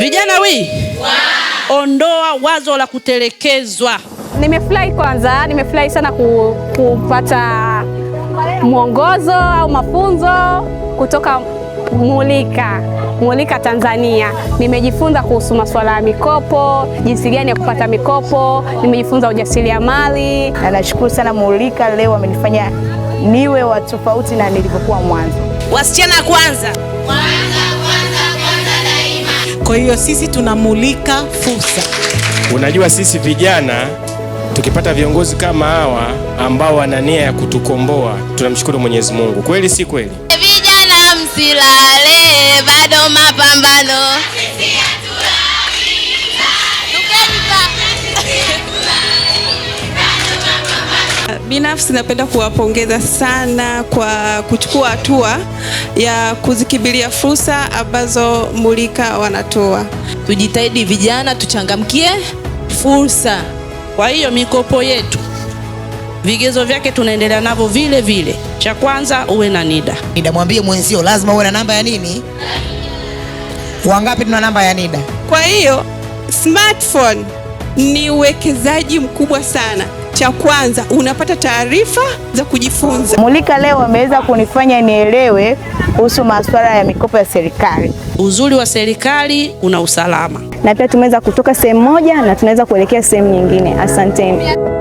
Vijana wii wow. Ondoa wazo la kutelekezwa. Nimefurahi kwanza, nimefurahi sana ku, kupata mwongozo au mafunzo kutoka Mulika Mulika Tanzania. Nimejifunza kuhusu masuala ya mikopo, jinsi gani ya kupata mikopo, nimejifunza ujasiriamali na nashukuru sana Mulika, leo wamenifanya niwe wa tofauti na nilivyokuwa mwanzo. Wasichana kwanza, kwanza. Kwa hiyo sisi tunamulika fursa. Unajua, sisi vijana tukipata viongozi kama hawa ambao wana nia ya kutukomboa, tunamshukuru Mwenyezi Mungu. Kweli si kweli? Vijana msilale, bado mapambano Binafsi napenda kuwapongeza sana kwa kuchukua hatua ya kuzikimbilia fursa ambazo MULIKA wanatoa. Tujitahidi vijana, tuchangamkie fursa. Kwa hiyo mikopo yetu vigezo vyake tunaendelea navyo vile vile. Cha kwanza uwe na NIDA. NIDA mwambie mwenzio lazima uwe na namba ya nini? Wangapi tuna namba ya NIDA? Kwa hiyo smartphone ni uwekezaji mkubwa sana cha kwanza unapata taarifa za kujifunza. Mulika leo ameweza kunifanya nielewe kuhusu masuala ya mikopo ya serikali. Uzuri wa serikali una usalama, na pia tumeweza kutoka sehemu moja na tunaweza kuelekea sehemu nyingine. Asanteni.